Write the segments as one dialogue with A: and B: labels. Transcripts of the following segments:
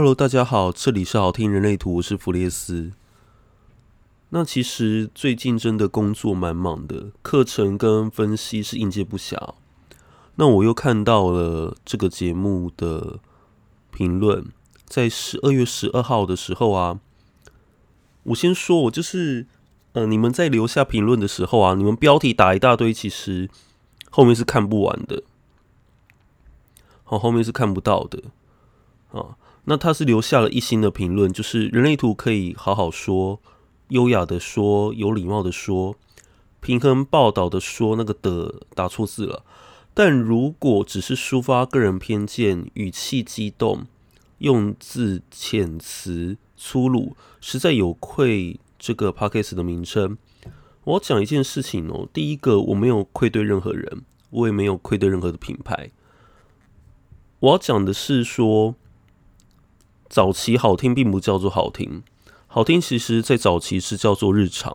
A: Hello，大家好，這裡是好聽人類圖，我是伏列斯。那其實最近真的工作蠻忙的，課程跟分析是應接不暇。那我又看到了這個節目的評論，在十二月十二號的時候啊，我先說，我就是，嗯，你們在留下評論的時候啊，你們標題打一大堆，其實後面是看不完的，好，後面是看不到的，啊。那他是留下了一星的評論，就是人類圖可以好好說，優雅的說，有禮貌的說，平衡報道的說。那個的打錯字了。但如果只是抒發個人偏見，語氣激動，用字遣詞粗魯，實在有愧這個 podcast 的名稱。我要講一件事情哦。第一個，我沒有愧對任何人，我也沒有愧對任何的品牌。我要講的是說。早期好聽並不叫做好聽，好聽其實在早期是叫做日常。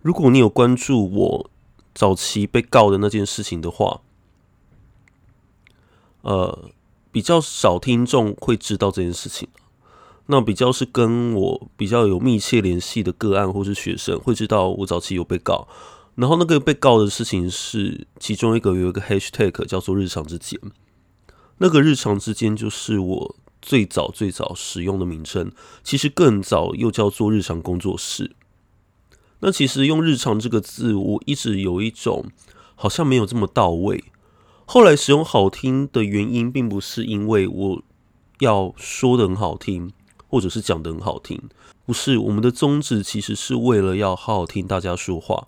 A: 如果你有關注我早期被告的那件事情的話，呃，比較少聽眾會知道這件事情。那比較是跟我比較有密切聯繫的個案或是學生會知道我早期有被告。然後那個被告的事情是其中一個有一個 hashtag 叫做“日常之間”，那個“日常之間”就是我最早最早使用的名稱，其實更早又叫做日常工作室。那其實用“日常”這個字，我一直有一種好像沒有這麼到位。後來使用好聽的原因，並不是因為我要說得很好聽，或者是講得很好聽，不是。我們的宗旨其實是為了要好好聽大家說話。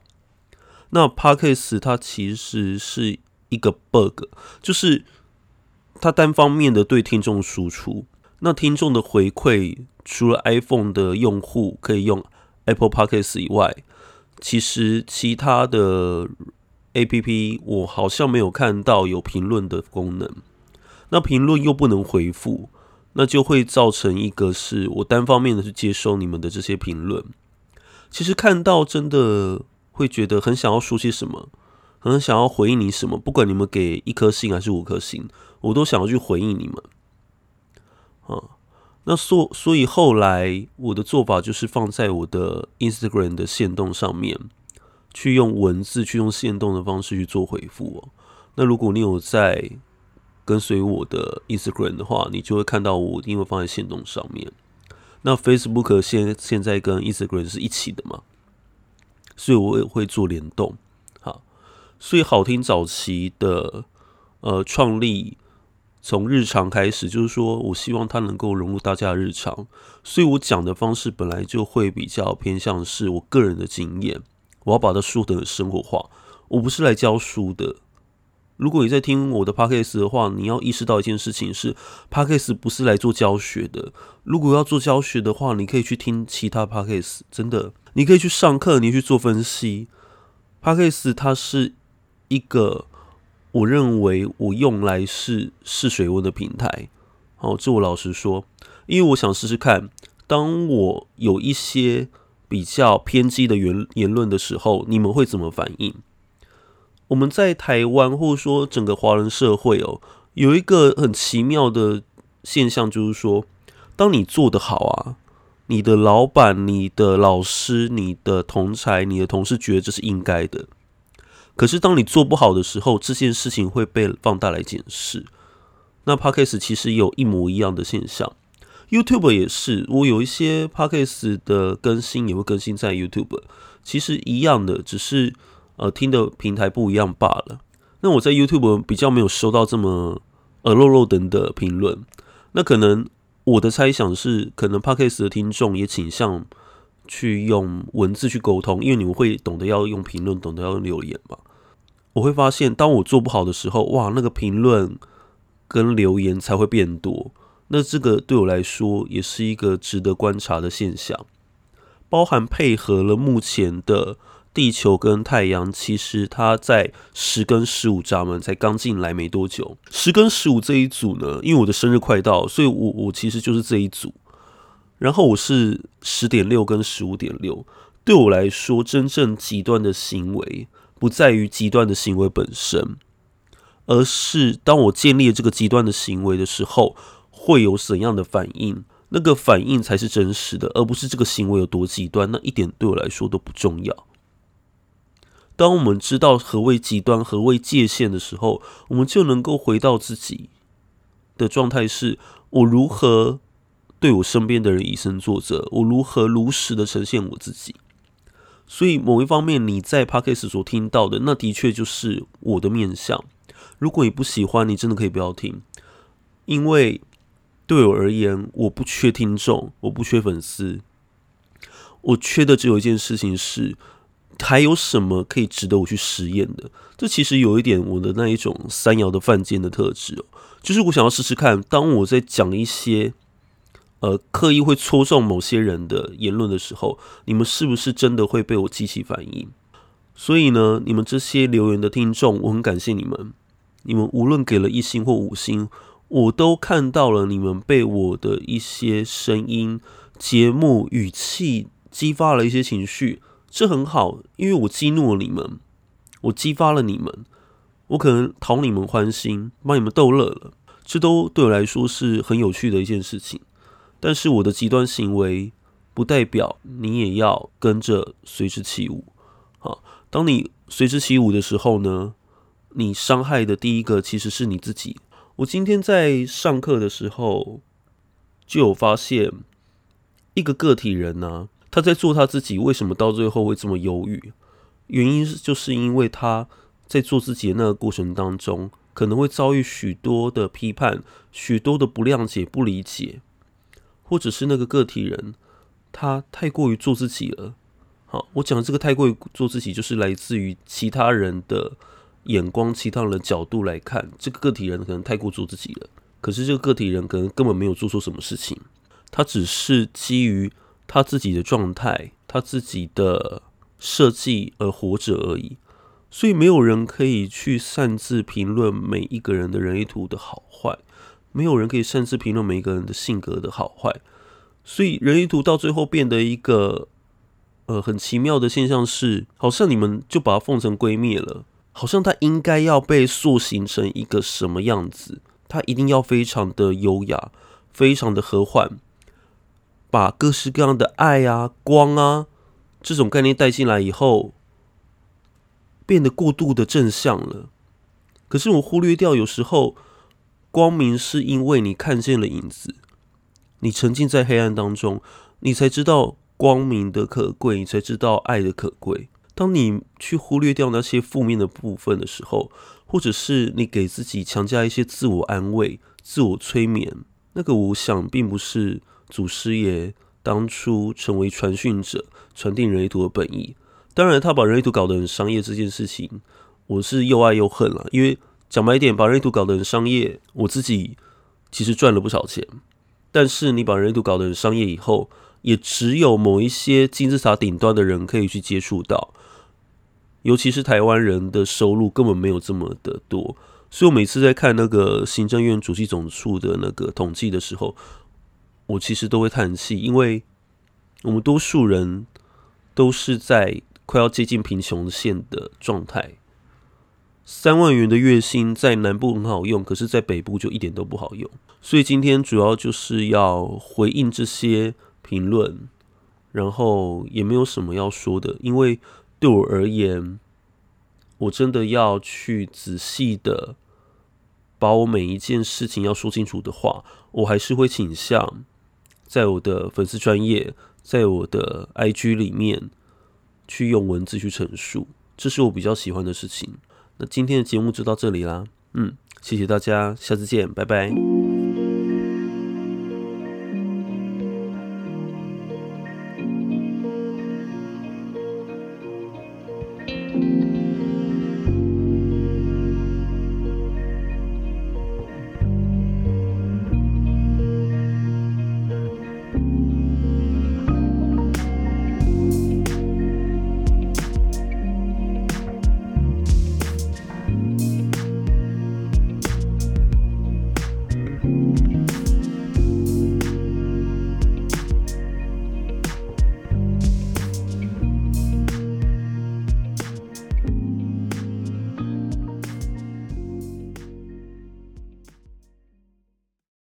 A: 那 Podcast 它其實是一個 bug，就是。他單方面的對聽眾輸出，那聽眾的回饋，除了 iPhone 的用戶可以用 Apple Podcasts 以外，其實其他的 APP 我好像沒有看到有評論的功能。那評論又不能回復，那就會造成一個是我單方面的去接收你們的這些評論。其實看到真的會覺得很想要說些什麼，很想要回應你什麼，不管你們給一顆星還是五顆星。我都想要去回應你們，啊，那所所以後來我的做法就是放在我的 Instagram 的限動上面，去用文字，去用限動的方式去做回復。喔。那如果你有在跟隨我的 Instagram 的話，你就會看到我因為放在限動上面。那 Facebook 現在現在跟 Instagram 是一起的嘛，所以我也會做聯動。好，所以好聽早期的呃創立。從日常開始，就是說我希望它能夠融入大家的日常，所以我講的方式本來就會比較偏向是我個人的經驗，我要把它說的很生活化。我不是來教書的。如果你在聽我的 Podcast 的話，你要意識到一件事情是，Podcast 不是來做教學的。如果要做教學的話，你可以去聽其他 Podcast，真的，你可以去上課，你去做分析。Podcast 它是一個。我認為我用來是試水溫的平台，好，這我老實說，因為我想試試看，當我有一些比較偏激的言言論的時候，你們會怎麼反應？我們在台灣，或者說整個華人社會哦，有一個很奇妙的現象，就是說，當你做得好啊，你的老板、你的老師、你的同儕、你的同事覺得這是應該的。可是當你做不好的時候，這件事情會被放大來檢視。那 Podcast 其實也有一模一樣的現象，YouTube 也是。我有一些 Podcast 的更新也會更新在 YouTube，其實一樣的，只是呃聽的平台不一樣罷了。那我在 YouTube 比較沒有收到這麼呃漏漏等的評論，那可能我的猜想是，可能 Podcast 的聽眾也傾向去用文字去溝通，因為你們會懂得要用評論，懂得要用留言嘛。我會發現，當我做不好的時候，哇，那個評論跟留言才會變多。那這個對我來說也是一個值得觀察的現象，包含配合了目前的地球跟太陽。其實它在十跟十五閘門才剛進來沒多久。十跟十五這一組呢，因為我的生日快到，所以我我其實就是這一組。然後我是十點六跟十五點六，對我來說真正極端的行為。不在於極端的行為本身，而是當我建立了這個極端的行為的時候，會有怎樣的反應？那個反應才是真實的，而不是這個行為有多極端，那一點對我來說都不重要。當我們知道何為極端、何為界限的時候，我們就能夠回到自己的狀態是，我如何對我身邊的人以身作則，我如何如實的呈現我自己。所以某一方面，你在 podcast 所聽到的，那的確就是我的面相。如果你不喜歡，你真的可以不要聽。因為對我而言，我不缺聽眾，我不缺粉絲，我缺的只有一件事情是：還有什麼可以值得我去實驗的？這其實有一點我的那一種三爻的犯賤的特質哦，就是我想要試試看，當我在講一些。呃，刻意會戳中某些人的言論的時候，你們是不是真的會被我激起反應？所以呢，你們這些留言的聽眾，我很感謝你們。你們無論給了一星或五星，我都看到了你們被我的一些聲音、節目、語氣激發了一些情緒，這很好，因為我激怒了你們，我激發了你們，我可能討你們歡心，幫你們逗樂了，這都對我來說是很有趣的一件事情。但是我的極端行為不代表你也要跟着隨之起舞。好，當你隨之起舞的時候呢，你傷害的第一個其實是你自己。我今天在上課的時候就有發現，一個個體人呢，啊，他在做他自己，為什麼到最後會這麼憂鬱？原因就是因為他在做自己的那個過程當中，可能會遭遇許多的批判、許多的不諒解、不理解。或者是那個個體人，他太過於做自己了。好，我講的這個太過於做自己，就是來自於其他人的眼光、其他人的角度來看，這個個體人可能太過做自己了。可是這個個體人可能根本沒有做錯什麼事情，他只是基於他自己的狀態、他自己的設計而活着而已。所以沒有人可以去擅自評論每一個人的人意圖的好壞。沒有人可以擅自評論每一個人的性格的好壞，所以人類圖到最後變得一個呃很奇妙的現象是，好像你們就把它奉成圭臬了，好像它應該要被塑形成一個什麼樣子，它一定要非常的優雅，非常的和緩，把各式各樣的愛啊、光啊這種概念帶進來以後，變得過度的正向了。可是我忽略掉有時候。光明是因為你看見了影子，你沉浸在黑暗當中，你才知道光明的可貴，你才知道愛的可貴。當你去忽略掉那些負面的部分的時候，或者是你給自己強加一些自我安慰、自我催眠，那個我想並不是祖師爺當初成為傳訊者、傳遞人類圖的本意。當然，他把人類圖搞得很商業這件事情，我是又愛又恨了，因為。講白一點，把人類圖搞得很商業，我自己其實賺了不少錢。但是你把人類圖搞得很商業以後，也只有某一些金字塔頂端的人可以去接觸到。尤其是台灣人的收入根本沒有這麼的多，所以我每次在看那個行政院主計總處的那個統計的時候，我其實都會嘆氣，因為我們多數人都是在快要接近貧窮線的狀態。三萬元的月薪在南部很好用，可是，在北部就一點都不好用。所以今天主要就是要回應這些評論，然後也沒有什麼要說的，因為對我而言，我真的要去仔細的把我每一件事情要說清楚的話，我還是會傾向在我的粉絲專頁，在我的 IG 裡面去用文字去陳述，這是我比較喜歡的事情。那今天的節目就到這裡啦，嗯，謝謝大家，下次見，拜拜。